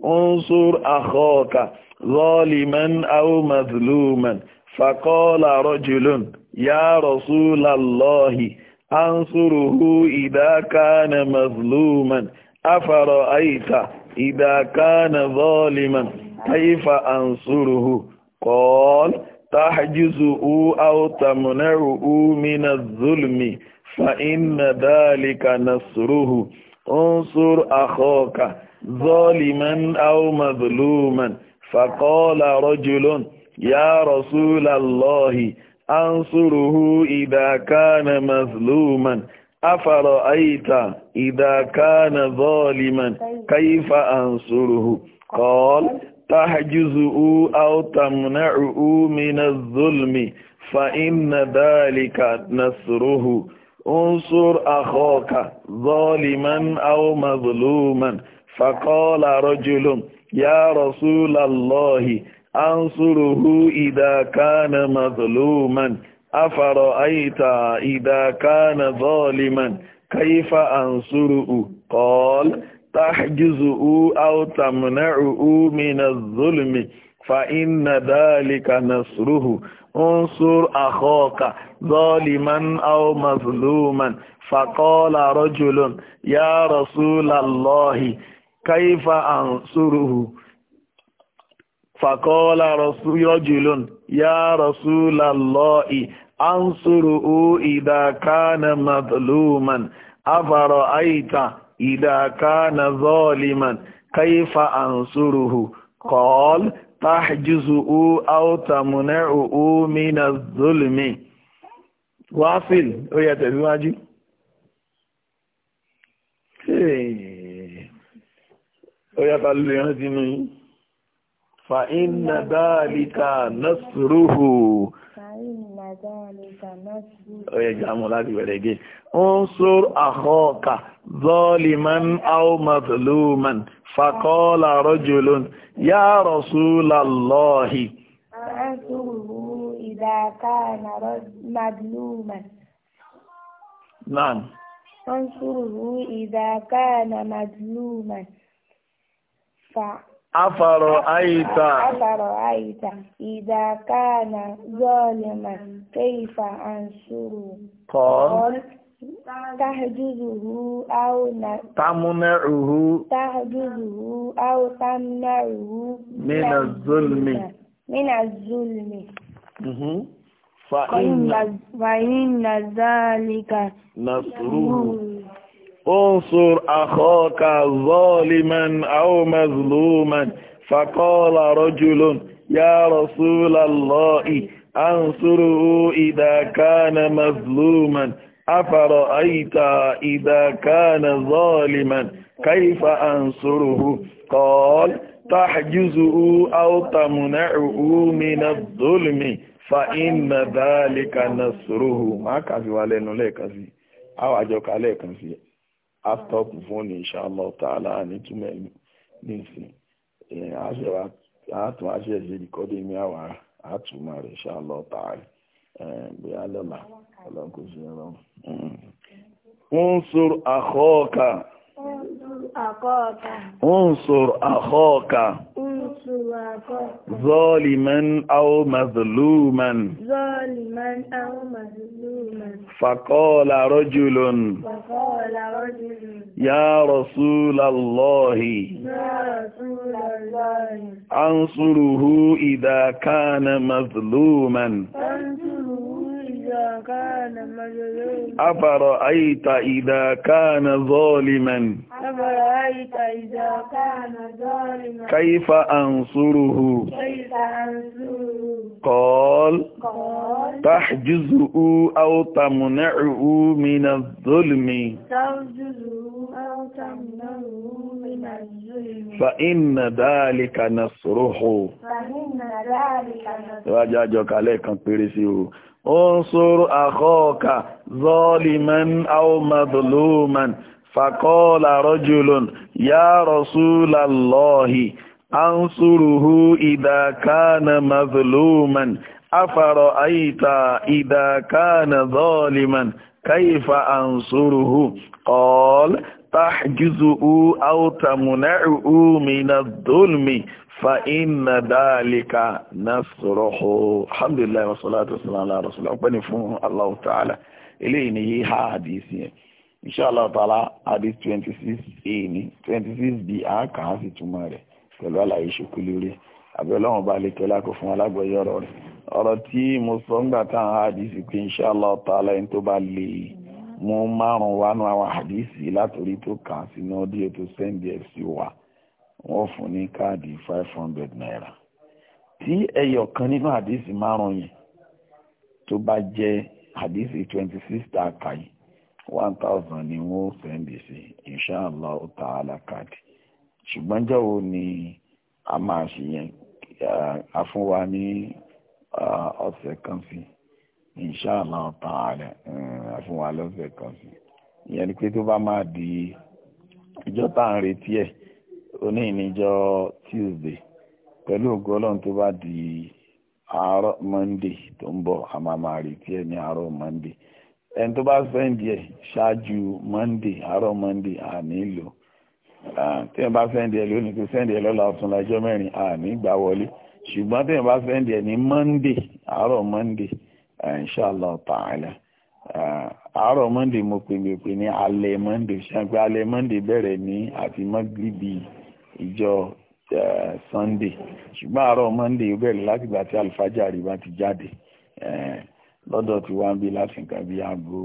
انصر أخاك ظالما أو مظلوما فقال رجل يا رسول الله أنصره إذا كان مظلوما أفرأيت إذا كان ظالما كيف أنصره قال تحجزه أو تمنعه من الظلم فإن ذلك نصره انصر أخاك ظالما أو مظلوما فقال رجل يا رسول الله أنصره إذا كان مظلوما أفرأيت إذا كان ظالما كيف أنصره قال تحجزه أو تمنعه من الظلم فإن ذلك نصره انصر أخاك ظالما أو مظلوما فقال رجل يا رسول الله أنصره إذا كان مظلوما أفرأيت إذا كان ظالما كيف أنصره قال تحجزه أو تمنعه من الظلم فإن ذلك نصره انصر أخاك ظالما أو مظلوما فقال رجل يا رسول الله كيف أنصره فقال رسول رجل يا رسول الله أنصره إذا كان مظلوما أفرأيت إذا كان ظالما كيف أنصره قال تحجزه أو تمنعه من الظلم واصل ويا تزواجي ويا تلوين فإن ذلك نصره انصر اخوك ظالما أو مظلوما فقال رجل يا رسول الله أنصره إذا كان مظلوما نعم أنصره إذا كان مظلوما afàrọ̀ àyíta afàrọ̀ àyíta ìdàkánà zọ́ọ̀lẹ̀mà kéfà àǹṣòro kọ́ọ̀lù تحجزه أو ن... تمنعه تحجزه أو تمنعه من الظلم من الظلم فإن فإن ذلك نصره انصر أخاك ظالما أو مظلوما فقال رجل يا رسول الله أنصره إذا كان مظلوما أفرأيت إذا كان ظالما كيف أنصره قال تحجزه أو تمنعه من الظلم فإن ذلك نصره ما كافي ولينو ليكافي أو أجوك عليكم فيه after fóònù inshallah ta'ala nítumẹ̀ nísìn àṣẹwà àtún àṣẹṣe ìkọ́dé ní àwà àtúmọ̀ rẹ̀ inshallah ta'ala bí alọ́là ọlọ́kùnrin ọlọ́run. ń sọ̀rọ̀ àkọ́ọ̀kà انصر اخاك ظالما او مظلوما ظالما او مظلوما فقال رجل فقال رجل يا رسول الله يا رسول الله انصره اذا كان مظلوما انصره كان أفرأيت إذا كان ظالما أفرأيت إذا كان ظالما كيف أنصره كيف أنصره قال, تحجزه أو تمنعه من الظلم تحجزه أو تمنعه من الظلم فإن ذلك نصره فإن ذلك نصره wájú àjọ انصر أخاك ظالما أو مظلوما فقال رجل يا رسول الله أنصره إذا كان مظلوما أفرأيت إذا كان ظالما كيف أنصره قال تحجزه أو تمنعه من الظلم فإن ذلك نصره الحمد لله والصلاة والسلام على رسول الله ọpẹ́ ni fún Allah Ta'ala eléyìí ni yí ha inshallah ta'ala hadith 26a ni 26b a kà á sì túmọ̀ rẹ̀ pẹ̀lú àlàyé ṣokú lórí àbẹ̀lọ́wọ̀n bá lè tọ́lá kó fún alágbọ̀yọ́ ọ̀rọ̀ rẹ̀ ọ̀rọ̀ tí mo sọ ń gbà táwọn hadisi pé inshallah ta'ala ẹni tó bá lè mú márùn-ún wánú àwọn hadisi látòrí tó kà á sínú ọdí ètò sẹ́ńdì ẹ̀ sí wa wọ́n fún ní káàdì five hundred naira tí ẹyọ kan nínú àdìsí márùn yẹn tó bá jẹ́ àdìsí twenty six tá a kà yìí one thousand ni wọ́n sẹ́ndì e sí inṣàlá ó ta alákàdì ṣùgbọ́n jọ̀wọ́ ni a máa ṣe yẹn a fún wa ní ọ̀sẹ̀ kan sí inṣàlá ó ta a fún wa lọ́sẹ̀ kan sí ìyẹn ni pé tó bá máa di ìjọ tá à ń retí ẹ̀ oní ìníjọ́ Tuesday pẹ̀lú ògo ọlọ́run tó bá di àárọ̀ Monday tó ń bọ̀ a máa máa retí ẹ̀ ní àárọ̀ Monday ẹni tó bá sẹ́ǹdì ẹ̀ ṣáájú Monday àárọ̀ Monday a nílò tí ẹ̀ bá sẹ́ǹdì ẹ̀ lónìí tó sẹ́ǹdì ẹ̀ lọ́la ọ̀tún lọ́jọ́ mẹ́rin a ní wọlé ṣùgbọ́n tí ẹ̀ bá sẹ́ǹdì ẹ̀ ní Monday àárọ̀ Monday inshallah ta'ala àárọ̀ Monday mo pè mí pè ní alẹ́ Monday ṣàǹpẹ́ alẹ́ Monday bẹ̀rẹ̀ ní àti mọ́gbìlì bíi ìjọ eh, sunday ṣùgbọ́n àárọ̀ monday ó bẹ̀rẹ̀ láti gbà tí alifájàrí bá ti jáde eh, lọ́dọ̀ tí wọ́n ń bí láti nǹkan bí aago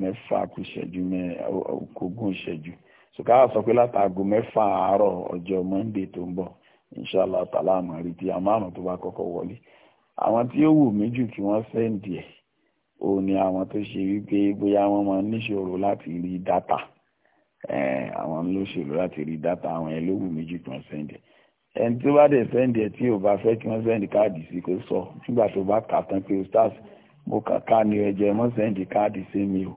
mẹ́fà kù ìṣẹ́jú ogún ìṣẹ́jú ṣùgbọ́n àwọn sọ pé láti aago mẹ́fà àárọ̀ ọjọ́ monday tó ń bọ̀ inṣàlá tààlà àmọ́ rí ti àmọ́ tó bá kọ́kọ́ wọlé àwọn tí ó wù mí jù kí wọ́n sẹ́ǹdì ẹ̀ òun ni àwọn tó ṣe wípé bóyá wọ́n máa níṣòro láti rí dátà àwọn lóṣèlú láti rí dátà àwọn ẹ̀ lówù méjì kan sẹ́ndì ẹni tó bá dẹ̀ sẹ́ndì ẹ̀ tí ò bá fẹ́ kí wọ́n sẹ́ndì káàdì sí kó sọ nígbà tó bá kà tán pé stars mo kàkà ni ẹ̀jẹ̀ mọ́ sẹ́ndì káàdì sí mi o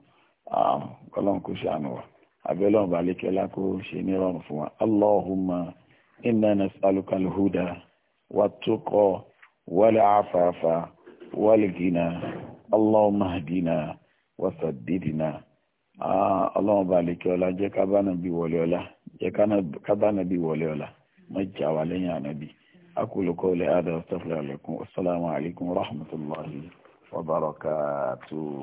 ah, ọlọ́run kò ṣàánú wa abẹ́lọ́run balẹ̀kẹ́lá kó ṣe ní rọrùn fún wa allahumma inna nas'aluka huda wat-tuqa wal-afafa wal-ghina allahumma hdina wa Ah, ọlọ́run bá lè kí ọlá jẹ́ kábánà bí wọlé ọlá jẹ́ kábánà bí wọlé ọlá wọ́n jà wá lẹ́yìn ànábì aqulu qawli hadha astaghfiru lakum assalamu alaikum warahmatullahi wabarakatuh